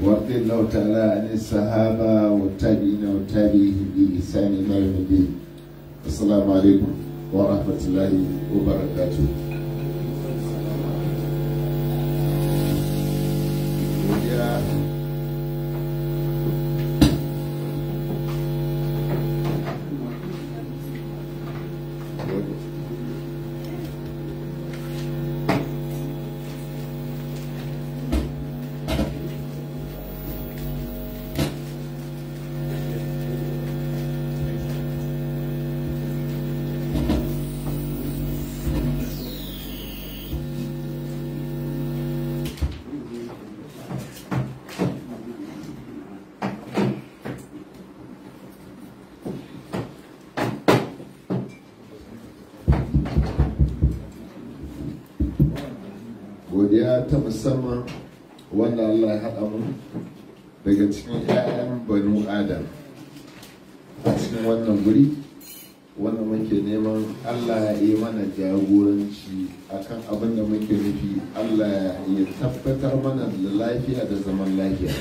ورضي الله تعالى عن الصحابة والتابعين والتابعين بإحسان إلى يوم الدين السلام عليكم ورحمة الله وبركاته ta musamman wanda Allah ya haɗa mu daga cikin 'ya'yan banu adam a cikin wannan guri wanda muke neman Allah ya yi mana jagoranci akan abin da muke nufi Allah ya tabbatar mana da lafiya da zaman lafiya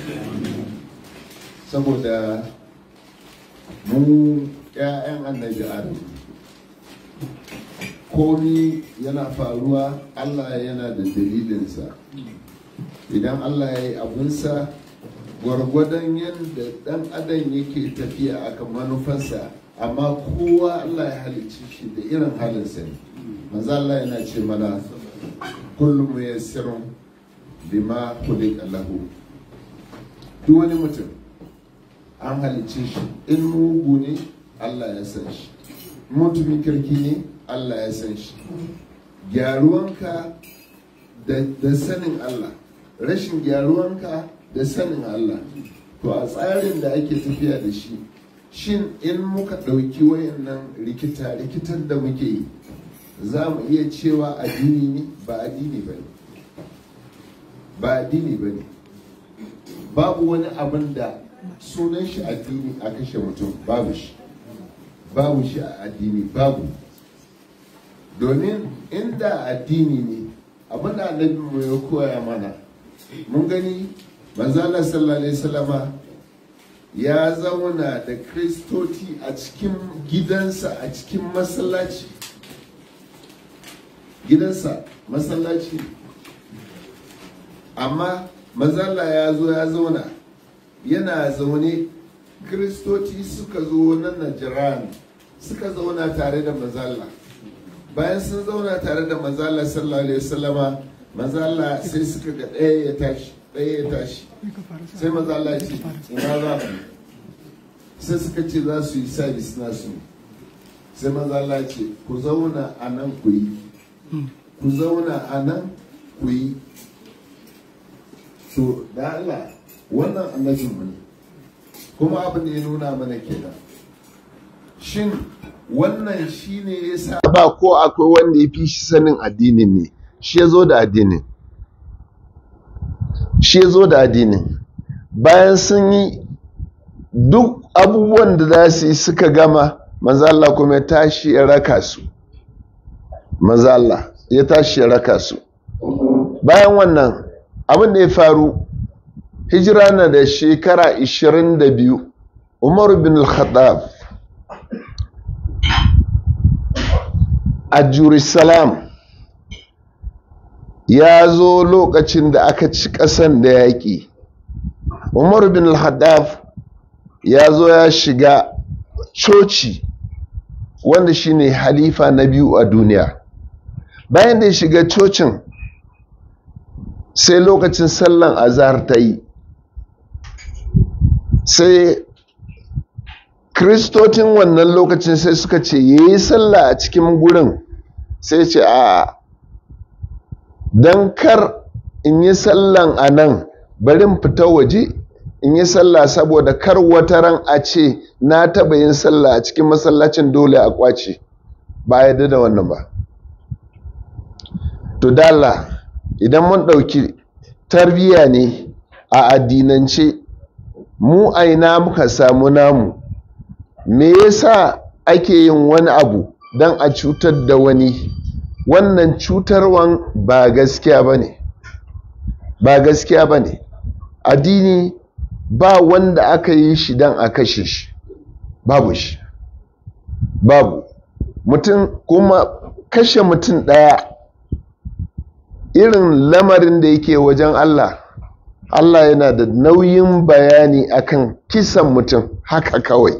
saboda mu 'ya'yan annabi adam komi yana faruwa allah yana da dalilinsa idan allah ya yi abinsa gwargwadon yadda dan adam yake tafiya a kan manufarsa amma kowa allah ya halicci shi da irin halinsa ne manzo allah yana ce mana kullum ya sirrin bima khuliqa Allahu, duk wani mutum an halicci shi in mugu ne allah ya san shi mutumin kirki ne Allah ya san shi gyaruwanka da sanin Allah rashin gyaruwanka da sanin Allah to a tsarin da ake tafiya da shi shin in muka ɗauki wayannan rikita rikitar da muke yi za mu iya cewa addini ne ba addini ba ne ba addini ba ne babu wani abin da sunan shi addini a kashe mutum babu shi babu shi a addini babu domin inda addini ne abin da annabi mu ya koya mana mun gani manzana sallallahu salama ya zauna da kristoci a cikin gidansa a cikin masallaci gidansa masallaci amma mazalla ya zo ya zauna yana zaune kristoci suka zo na jiran suka zauna tare da mazalla bayan sun zauna tare da manzala sallallahu alaihi wasallama manzala sai suka ga ɗaya ya tashi ɗaya ya tashi sai manzala ce ina za sai suka ce za su yi sabis su sai manzala ce ku zauna a nan ku yi ku zauna a nan ku yi so da Allah wannan annabi mu ne kuma abin da ya nuna mana kenan shin wannan shi ne ya sa ba ko akwai wanda ya fi shi sanin addinin ne shi ya zo da addinin shi ya zo da addinin bayan sun yi duk abubuwan da za su yi suka gama maza Allah kuma ya tashi ya raka su maza Allah ya tashi ya raka su bayan wannan abin da ya faru hijira na da shekara 22 Umar bin al-Khattab a Jerusalem ya zo lokacin da aka ci ƙasan da yaƙi umar bin al-haddaf ya zo ya shiga coci wanda shine halifa na biyu a duniya bayan da ya shiga cocin sai lokacin sallan azar ta yi sai kiristocin wannan lokacin sai suka ce ya yi sallah a cikin gurin sai ce a don kar in yi sallan a nan barin fita waje in yi sallah saboda kar wata ran a ce na taba yin sallah a cikin masallacin dole a kwace ba ya da wannan ba to dala idan mun ɗauki tarbiyya ne a addinance mu aina muka samu namu me yasa ake yin wani abu don a cutar da wani wannan cutarwan ba gaskiya ba ne ba gaskiya ba ne addini ba wanda aka yi shi don a kashe shi babu shi babu mutum kuma kashe mutum ɗaya irin lamarin da yake wajen Allah Allah yana da nauyin bayani akan kisan mutum haka kawai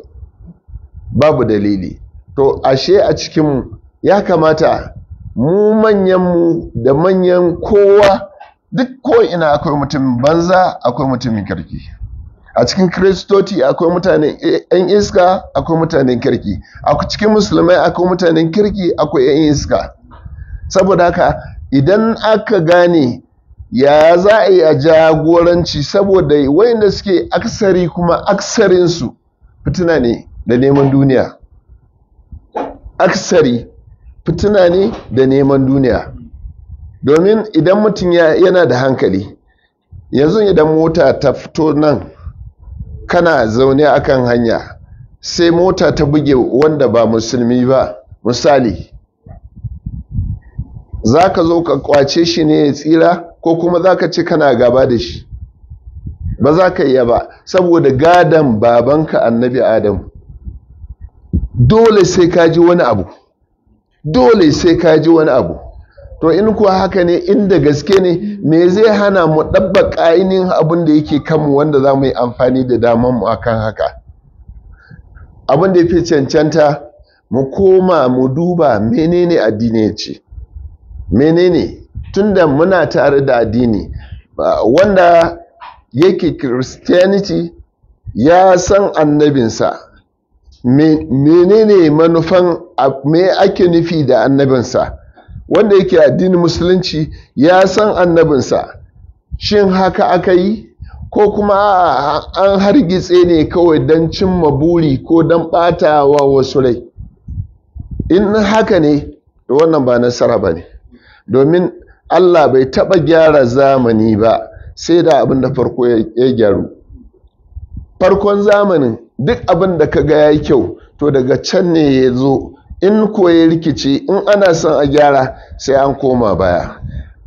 babu dalili to ashe a cikinmu ya kamata mu manyanmu da manyan kowa duk ko ina akwai mutumin banza akwai mutumin kirki a cikin kiristoti akwai mutanen eh, yan iska akwai mutanen kirki a cikin musulmai akwai mutanen kirki akwai yan iska saboda haka idan aka gane ya za a yi a jagoranci saboda wayanda suke aksari kuma aksarinsu fitina ne da neman duniya aksari fituna ne da neman duniya domin idan mutum yana da hankali yanzu idan mota ta fito nan kana zaune akan hanya sai mota ta buge wanda ba musulmi ba misali za ka zo ka kwace shi ne ya tsira ko kuma za ka ce kana gaba da shi ba za ka iya ba saboda gadon babanka annabi Adamu. dole sai ka ji wani abu dole sai ka ji wani abu to in kuwa haka ne inda gaske ne me zai hana mu ɗabba ainihin abin da yake kanmu wanda za mu yi amfani da daman mu akan haka abin da ya fi cancanta mu koma mu duba menene addini ya ce menene tunda muna tare da addini wanda yake christianity ya san annabinsa menene manufan me ake nufi da annabinsa wanda yake addinin musulunci ya san annabinsa shin haka aka yi ko kuma an hargitse ne kawai don cimma buri ko don wa wasu rai in haka ne wannan ba nasara ba ne domin allah bai taɓa gyara zamani ba sai da abin da farko ya gyaru farkon zamanin duk abin da ka ga ya yi kyau to daga can ne ya zo in ko ya rikici in ana son a gyara sai an koma baya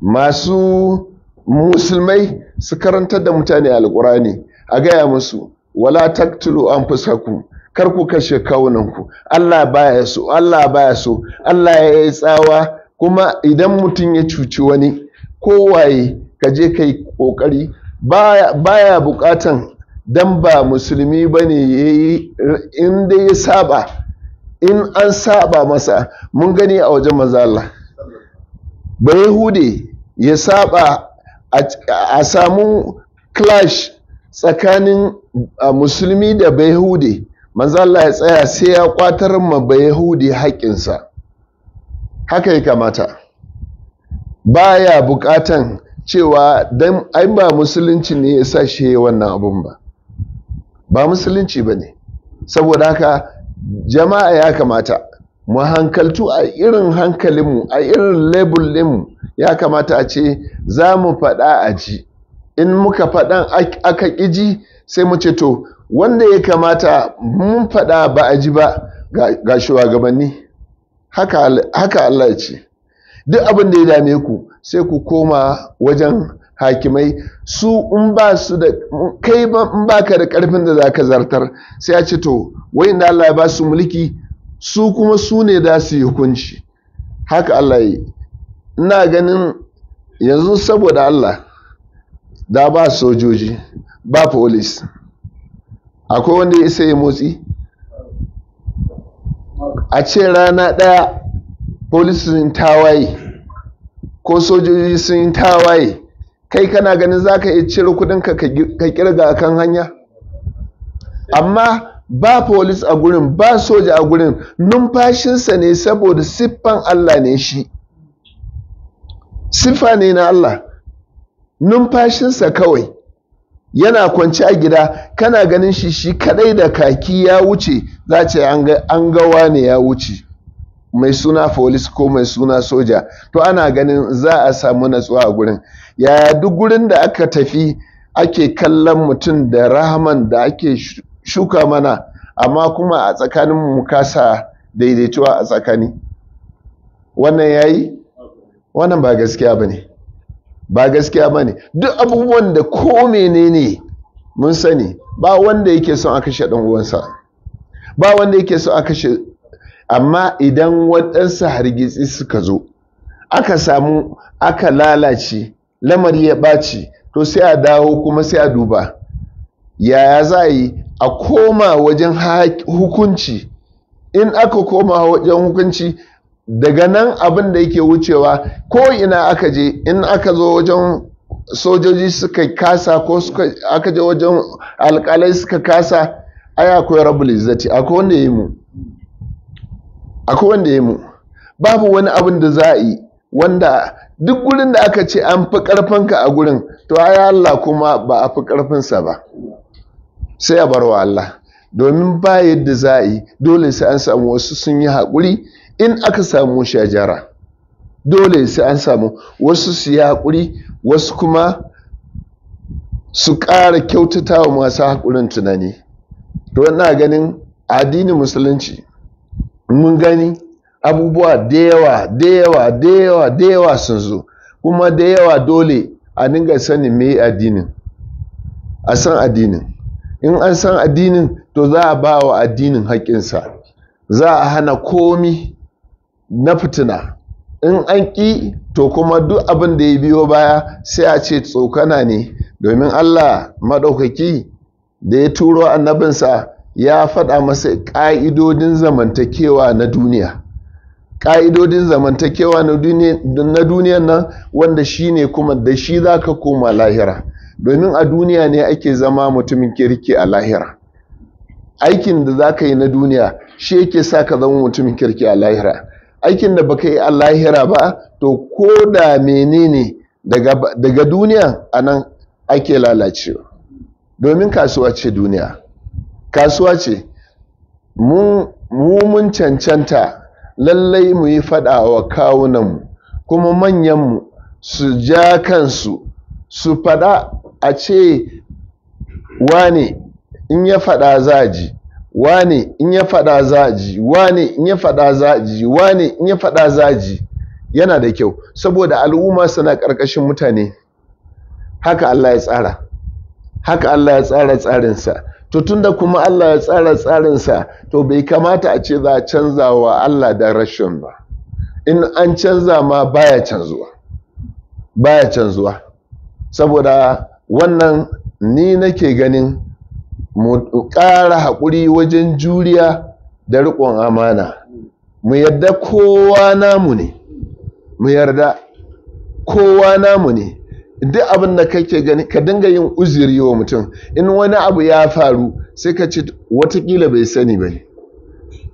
masu musulmai su karantar da mutane alkurani a gaya musu wala taktulu an fusaku. kar ku kashe kawunanku Allah baya so Allah baya so Allah ya yi tsawa kuma idan mutum ya cuci wani kowaye ka je kai kokari baya bukatan dan ba musulmi ba ne in dai ya saba in an saba masa mun gani a wajen maza Allah ba yahude ya saba a samu clash tsakanin musulmi da bayahude manzo Allah ya tsaya sai ya kwatar ma bayahude haƙƙinsa haka ya kamata baya buƙatan cewa dan ai ba musulunci ne ya sa shi wannan abun ba ba musulunci ba ne saboda haka jama'a ya kamata mu hankaltu a irin hankalinmu a irin labulinmu ya kamata a ce za mu faɗa a ji in muka faɗan aka ƙiji sai mu ce to wanda ya kamata mun faɗa ba a ji ba ga shugabanni haka Allah ya ce duk abin da ya dame ku sai ku koma wajen hakimai su in ba su da kai ba in baka da karfin da zaka zartar sai a ce to da Allah ya ba su mulki su kuma su ne da su yi hukunci haka Allah yi ina ganin yanzu saboda Allah da ba sojoji ba polis akwai wanda ya isa ya motsi a ce rana ɗaya polis sun tawaye ko sojoji sun tawaye kai kana ganin za ka iya cire kudinka ka kirga a kan hanya amma ba polis a gurin ba soja a gurin numfashinsa ne saboda siffan Allah ne shi siffa ne na Allah numfashinsa kawai yana kwanci a gida kana ganin shi shi kadai da kaki ya wuce za ce an gawa ne ya wuce mai suna folis ko mai suna soja to ana ganin za a samu natsuwa a gurin yaya duk gurin da aka tafi ake kallon mutum da rahaman da ake shuka mana amma kuma a tsakanin mu kasa daidaituwa a tsakani wannan yayi wannan ba gaskiya bane ba gaskiya bane duk abubuwan da ko menene mun sani ba wanda yake son aka kashe dan uwansa ba wanda yake son aka kashe amma idan waɗansa hargitsi suka zo aka samu aka lalace lamari ya ɓaci to sai a dawo kuma sai a duba yaya za a yi a koma wajen hukunci in aka koma wajen hukunci daga nan abin da yake wucewa ko ina aka je in aka zo wajen sojoji suka kasa ko aka je wajen alkalai suka kasa ai akwai rabu lizzati akwai wanda ya yi mu akwai wanda ya mu babu wani abin da za a yi wanda duk gurin da aka ce an fi ƙarfinka a gurin to ai Allah kuma ba a fi ƙarfinsa ba sai a barwa Allah domin ba yadda za a yi dole sai an samu wasu sun yi haƙuri in aka samu shajara dole sai an samu wasu su yi haƙuri wasu kuma su ƙara kyautatawa masu haƙurin tunani to wannan ganin addinin musulunci mun gani abubuwa da yawa da yawa da yawa da yawa sun zo kuma da yawa dole a dinga sani me addinin a san addinin in an san addinin to za a ba wa addinin haƙƙinsa za a hana komi na fitina in an ƙi to kuma duk abin da ya biyo baya sai a ce tsokana ne domin allah maɗaukaki da ya turo annabinsa ya faɗa masa ƙa'idodin zamantakewa na duniya ƙa'idodin zamantakewa na duniya nan wanda shi ne kuma da shi za ka koma lahira domin a duniya ne ake zama mutumin kirki a lahira aikin da za ka yi na duniya shi yake sa ka zama mutumin kirki a lahira aikin da ba ka yi a lahira ba to ko da menene daga duniya a nan ake lalacewa domin kasuwa ce duniya kasuwa ce mu mun cancanta lallai mu yi faɗa wa kawunanmu kuma manyanmu su ja kansu su faɗa a ce wane in ya faɗa za ji wane in ya faɗa za ji wane in ya faɗa za ji wane in ya faɗa za ji yana da kyau saboda al'umma suna ƙarƙashin mutane haka Allah ya tsara haka Allah ya tsara tsarinsa to tunda kuma Allah ya tsara tsarinsa to bai kamata a ce za a canza wa Allah da rashin ba in an canza ma baya canzuwa baya canzuwa saboda wannan ni nake ganin mu ƙara haƙuri wajen juriya da riƙon amana mu yarda kowa namu ne mu yarda kowa namu ne duk abin da kake gani ka dinga yin uzuri wa mutum in wani abu ya faru sai ka ci, watakila bai sani ba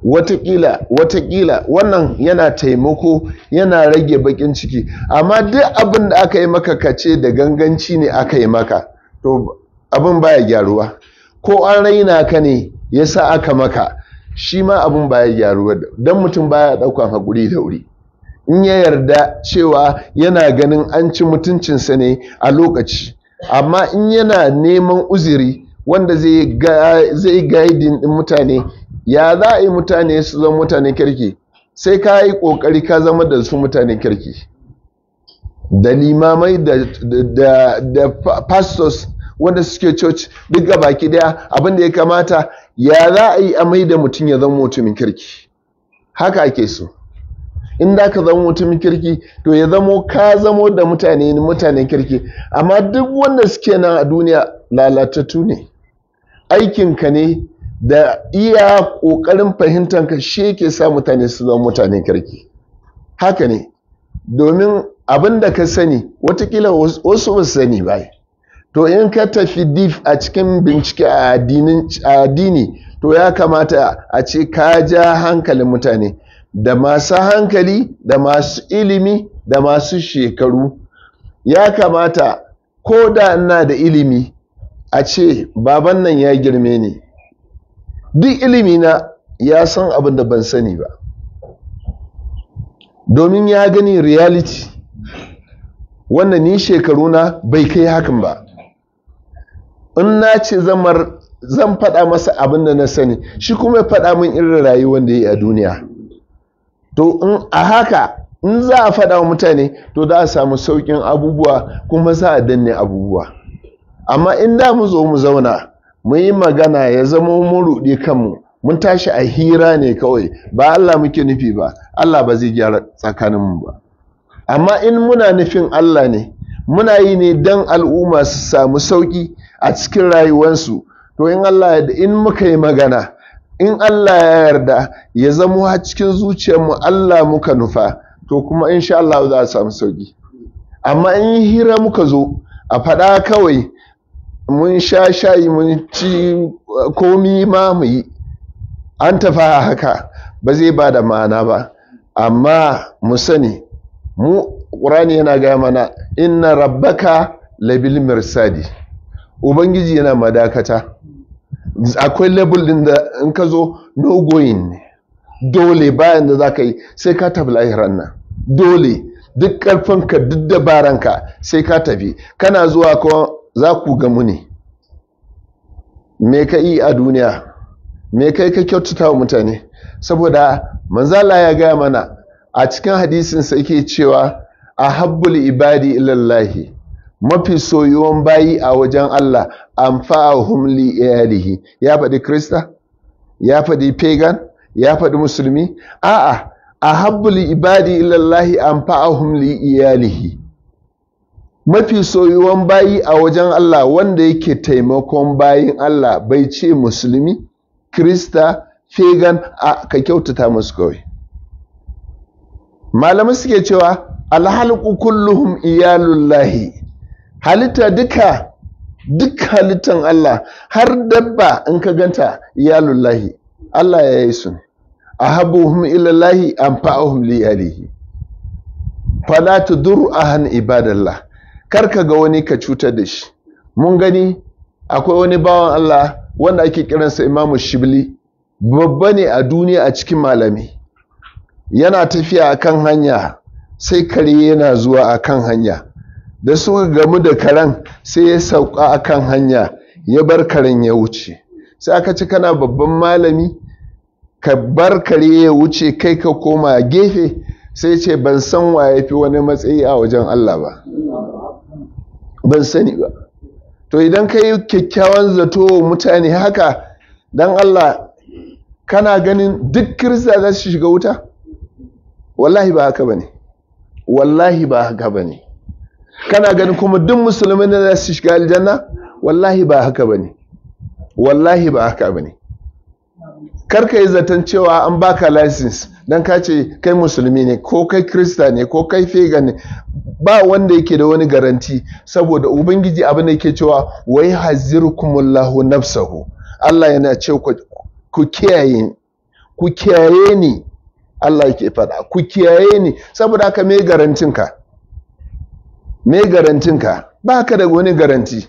watakila watakila wannan yana taimako yana rage bakin ciki amma duk abin da aka yi maka ka ce da ganganci ne aka yi maka to abin baya gyaruwa ko an raina ka ne ya sa aka maka shi ma abin baya gyaruwa don mutum baya daukan haƙuri da wuri in ya yarda cewa yana ganin an ci mutuncinsa ne a lokaci amma in yana neman uziri wanda zai gaidin din mutane ya za a yi mutane su zama mutane kirki sai ka yi ƙoƙari ka zama da su mutane kirki da limamai da pastors wanda suke church duk ga baki daya abinda ya kamata ya za a yi amai da mutum ya zama mutumin kirki haka ake so in da ka zama mutumin kirki to ya zamo ka zamo da mutane mutanen kirki amma duk wanda suke nan a duniya lalatattu ne aikinka ne da iya ƙoƙarin fahimtanka shi yake sa mutane su zama mutanen kirki haka ne domin abin da ka sani watakila wasu ba sani ba to in ka tafi dif a cikin bincike a addini to ya kamata a ce ka ja hankalin mutane da masu hankali da masu ilimi da masu shekaru ya kamata ko da ina da ilimi a ce baban nan ya girme ni duk ilimina ya san abin da ban sani ba domin ya gani reality wannan ni shekaru na bai kai hakan ba in na ce zan faɗa masa abin da na sani shi kuma ya faɗa min irin rayuwar da ya yi a duniya to in a haka in za a faɗa wa mutane to za a samu sauƙin abubuwa kuma za a danne abubuwa amma in da mu zo mu zauna mu yi magana ya zama mu ruɗe kanmu mun tashi a hira ne kawai ba Allah muke nufi ba Allah ba zai gyara tsakaninmu ba amma in muna nufin Allah ne muna yi ne dan al'umma su samu sauƙi a cikin rayuwarsu to in Allah in muka yi magana in Allah ya yarda ya zama a cikin zuciyarmu Allah muka nufa to kuma insha Allah za a samu sauki amma in hira muka zo a faɗa kawai mun sha shayi mun ci eh, komi ma mu yi an tafa haka ba zai ba da ma'ana ba amma mu sani mu ƙurani yana gaya mana inna rabbaka labil mirsadi ubangiji yana madakata akwai label din da in ka zo no ne dole bayan da za ka yi sai ka tafi lahirar nan dole duk ƙarfinka duk dabaranka sai ka tafi kana zuwa kuma za ku gamu ne me ka yi a duniya me kai ka kyautata wa mutane saboda manzala ya gaya mana a cikin hadisin sai ke cewa a habbul ibadi ilallahi mafi soyuwan bayi a wajen Allah amfa'ahum li iyalihi ya faɗi krista ya faɗi pagan ya faɗi musulmi a'a a habbul ibadi ilallahi an fa'ahum li iyalihi mafi soyuwan bayi a wajen Allah wanda yake taimakon bayin Allah bai ce musulmi krista pagan a ka kyautata musu kawai malamai suke cewa alhalku kulluhum iyalullahi halitta duka duk halittan Allah har dabba in ka ganta lullahi Allah ya yi su habuhum ilallahi anfa'uhum li ta fala a ahan ibadallah kar ka ga wani ka cuta da shi mun gani akwai wani bawan Allah wanda ake kiransa Imamu Shibli babba ne a duniya a cikin malami yana tafiya akan hanya sai kare yana zuwa a kan hanya da suka gamu da karen sai ya sauka akan hanya ya bar karen ya wuce sai aka ci kana babban malami ka bar kare ya wuce kai ka koma gefe sai ce ban san wa ya fi wani matsayi a wajen Allah ba ban sani ba to idan ka yi kyakkyawan zato mutane haka don Allah kana ganin duk kirista za su shiga wuta wallahi ba haka ba ne wallahi ba haka ba ne kana ganin kuma duk musulmi ne da su shiga aljanna wallahi ba haka bane wallahi ba haka bane kar ka yi zaton cewa an baka license dan ka ce kai musulmi ne ko kai krista ne ko kai fega ne ba wanda yake da wani garanti saboda ubangiji abin da yake cewa wai hazirkumullahu nafsahu Allah yana ce ku kiyaye ku kiyaye ni Allah yake faɗa ku kiyaye ni saboda haka me garantin ka me garantinka ba ka da wani garanti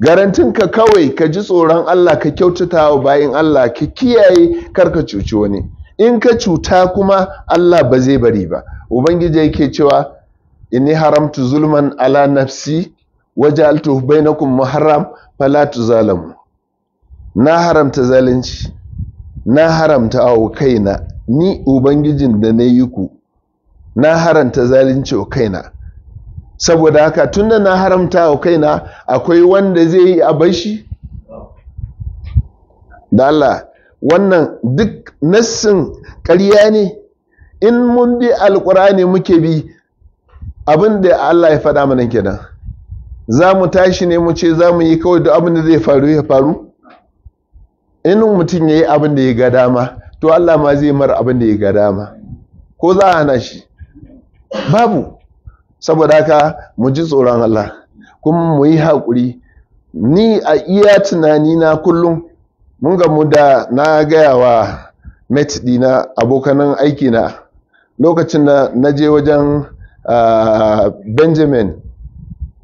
garantinka kawai ka ji tsoron Allah ka kyautata wa bayin Allah ka kiyaye kar ka cuci wani in ka cuta kuma Allah ba zai bari ba ubangiji yake cewa inni haramtu zulman ala nafsi waja'altu bainakum muharram fala tuzalamu na haramta zalunci na haramta awo kaina ni ubangijin da na yi ku na haramta zalunci wa kaina saboda haka tunda na haramta wa kaina akwai wanda zai yi a bashi da Allah wannan duk nassin ƙarya ne in mun bi alƙur'ani muke bi abin da Allah ya faɗa mana kenan za mu tashi ne mu ce za mu yi kawai duk abin da zai faru ya faru in mutum ya yi abin da ya ga dama to Allah ma zai mara abin da ya ga dama ko za a hana shi babu saboda haka mu ji tsoron Allah kuma mu yi haƙuri ni a iya tunani na kullum mun gamu da na gaya wa met dina abokanan aiki na lokacin da na je wajen benjamin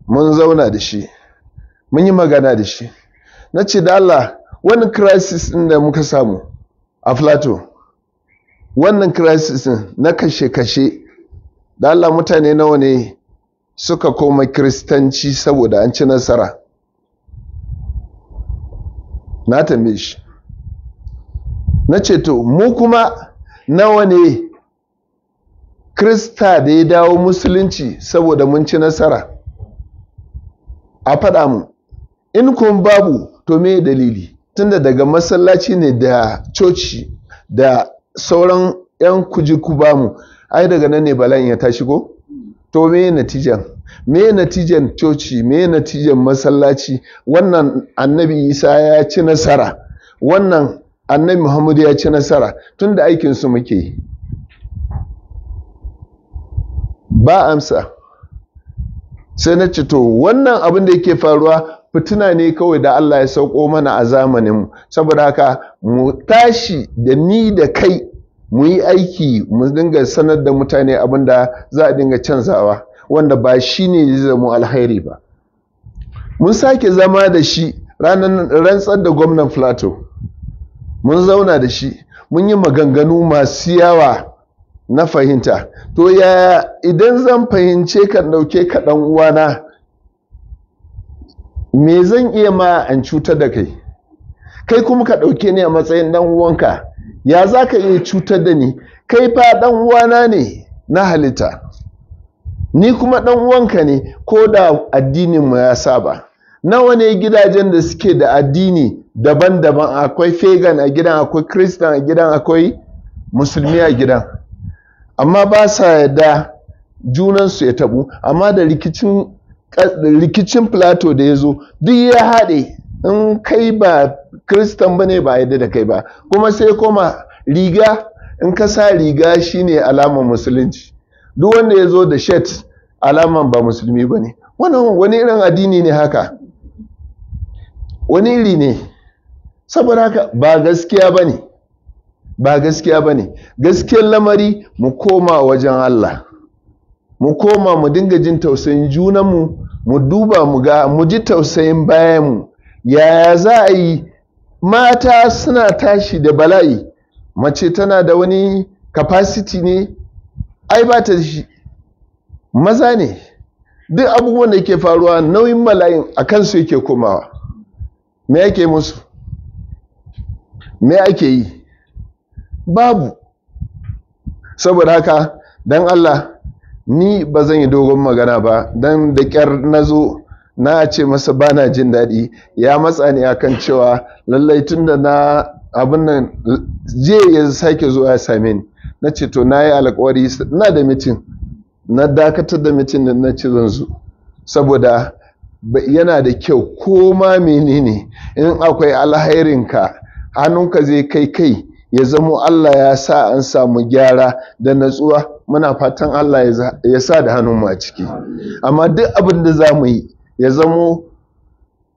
mun zauna da shi mun yi magana da shi na ce da Allah wani crisis ɗin da muka samu a flato wannan crisis na kashe-kashe da Allah mutane nawa ne suka koma kiristanci saboda an ci nasara na tambaye shi na ce to mu kuma nawa ne krista da ya dawo musulunci saboda mun ci nasara a faɗa mu in kun babu to me dalili tunda daga masallaci ne da coci da sauran 'yan kujiku ku bamu ai daga nan ne bala'in ya tashi ko to me natijan me natijan coci me natijan masallaci wannan annabi isa ya ci nasara wannan annabi muhammadu ya ci nasara tun da aikinsu muke yi ba amsa sai na ci to wannan abin da yake faruwa fituna ne kawai da allah ya sauko mana a zamaninmu saboda haka mu tashi da ni da kai mu yi aiki mu dinga sanar da mutane abin da za a dinga canzawa wanda ba shi ne zai zama alheri ba mun sake zama da shi ranar rantsar da gwamnan plateau mun zauna da shi mun yi maganganu masu yawa na fahimta to ya, idan zan fahimce kan ɗauke ka uwana me zan iya ma an cutar da kai kai kuma ka ɗauke ni a matsayin ɗan uwanka ya za ka iya cutar da ni kai fa dan uwana ne na halitta ni kuma dan uwanka ne ko da addinin mu ya saba nawa ne gidajen da suke da addini daban-daban akwai fegan a gidan akwai christian a gidan akwai musulmi a gidan amma ba sa yarda junansu ya tabu amma da rikicin plato da ya zo duk ya haɗe in kai ba kristan ne, ba yadda da kai ba kuma sai koma riga in ka sa riga shine alaman musulunci duk wanda ya zo da shet alaman ba musulmi ba ne wani irin addini ne haka wani iri ne saboda haka ba gaskiya ba ne ba gaskiya ba ne gaskiyar lamari mu koma wajen Allah mu koma mu dinga jin tausayin junanmu mu duba mu ga mu ji tausayin bayanmu yaya za a yi mata suna tashi da bala'i mace tana da wani capacity ne ai ba ta shi maza ne duk abubuwan da ke faruwa nauyin mala'in a kansu yake komawa me ake musu me ake yi babu saboda haka don allah ni ba zan yi dogon magana ba don da ƙyar na zo na ce masa bana jin daɗi ya matsa ni akan cewa lallai tunda na abin nan jiya ya sake zuwa ya same ni na ce to na yi alkawari na da mitin na dakatar da mitin da na ce zanzu. saboda yana da kyau ko ma menene in akwai alhairinka hannunka zai kai kai ya zamo Allah ya sa an samu gyara da natsuwa muna fatan Allah ya sa da hannun mu a ciki amma duk abin da za mu yi ya zamo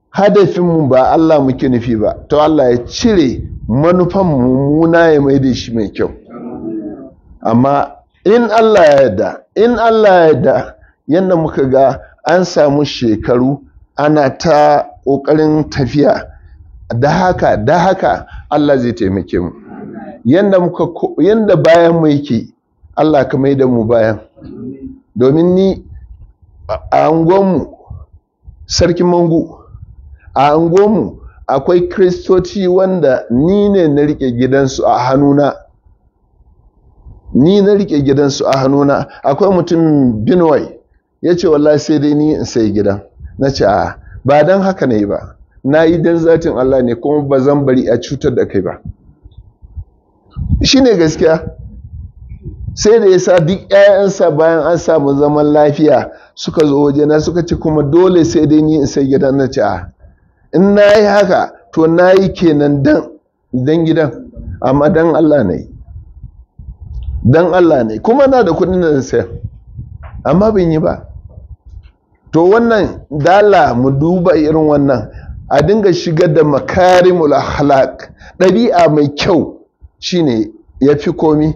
hadafinmu ba Allah muke nufi ba to Allah ya cire manufan mummuna ya mai da shi mai kyau amma in Allah ya yarda in Allah ya yarda yadda muka ga an samu shekaru ana ta ƙoƙarin tafiya da haka da haka Allah zai taimake mu yadda muka yadda bayan mu yake Allah ka mai da mu bayan domin ni a angonmu sarkin mangu a angomu akwai kristoci wanda ni ne na rike gidansu a hannuna ni na rike gidansu a hannuna akwai mutum binway ya ce wallahi sai dai ni in sai gidan na ce a ba don haka ne ba na yi don zatin Allah ne kuma ba zan bari a cutar da kai ba shi ne gaskiya sai da ya sa duk 'ya'yansa bayan an samu zaman lafiya suka zo wajena suka ce kuma dole sai dai ni in sai gidan na ce a ah, in na yi haka to na yi kenan dan dan gidan amma dan Allah ne dan Allah ne kuma na da kuɗin da sayar amma ban yi ba to wannan dala mu duba irin wannan a dinga shigar da makarimul akhlaq ɗabi'a mai kyau shine ya fi komi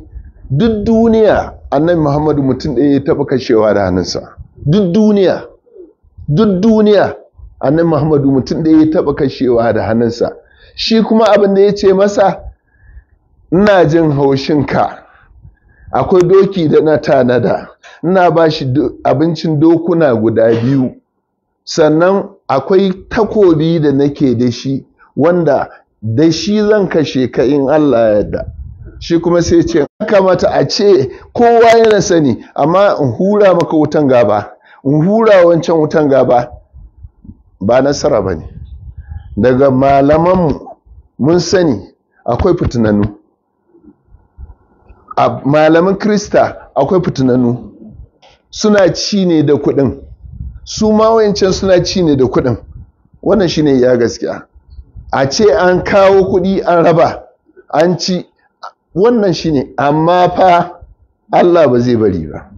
duk duniya annabi muhammadu mutum ɗaya ya taɓa kashewa da hannunsa duk duniya duk duniya annan muhammadu mutum da ya taba kashewa da hannunsa shi kuma abin da ya ce masa ina jin haushin ka. akwai doki da na tanada ina ba shi abincin dokuna guda biyu sannan akwai takobi da nake da shi wanda da shi zan kashe ka in Allah yadda. shi kuma sai ce kamata a ce kowa yana sani amma in hura maka wutan gaba hura wancan wutan gaba ba nasara ba ne daga malamanmu mun sani akwai fitinanu a malamin krista akwai fitinanu suna ci ne da kuɗin su ma suna ci ne da kuɗin wannan shine ya gaskiya a ce an kawo kuɗi an raba an ci wannan shine amma fa Allah ba zai bari ba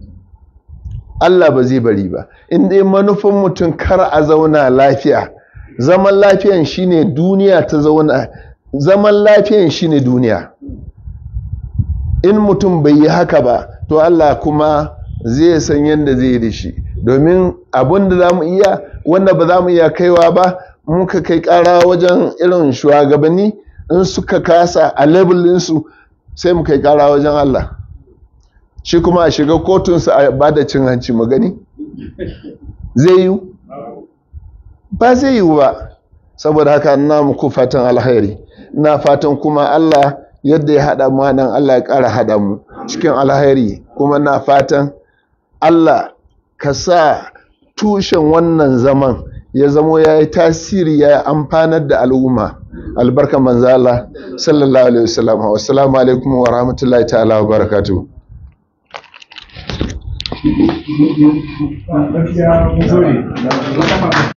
Allah ba zai bari ba in dai manufan mutum kar a zauna lafiya zaman lafiyan shine duniya ta zauna zaman lafiyan shine duniya in mutum bai yi haka ba to Allah kuma zai san yadda zai da shi domin abin da za mu iya wanda ba za mu iya kaiwa ba muka kai kara wajen irin shugabanni in suka kasa a labelinsu sai mu kai kara wajen Allah shi kuma a shiga kotunsa a bada cin hanci magani zai yi ba zai yi ba saboda haka na muku fatan alhairi na fatan kuma Allah yadda ya haɗa mu nan Allah ya ƙara haɗa mu cikin alhairi kuma na fatan Allah ka sa tushen wannan zaman ya zamo ya yi tasiri ya yi amfanar da al'umma albarkan manzala sallallahu alaihi wasallam wa alaikum wa rahmatullahi ta'ala wa barakatuh Gracias,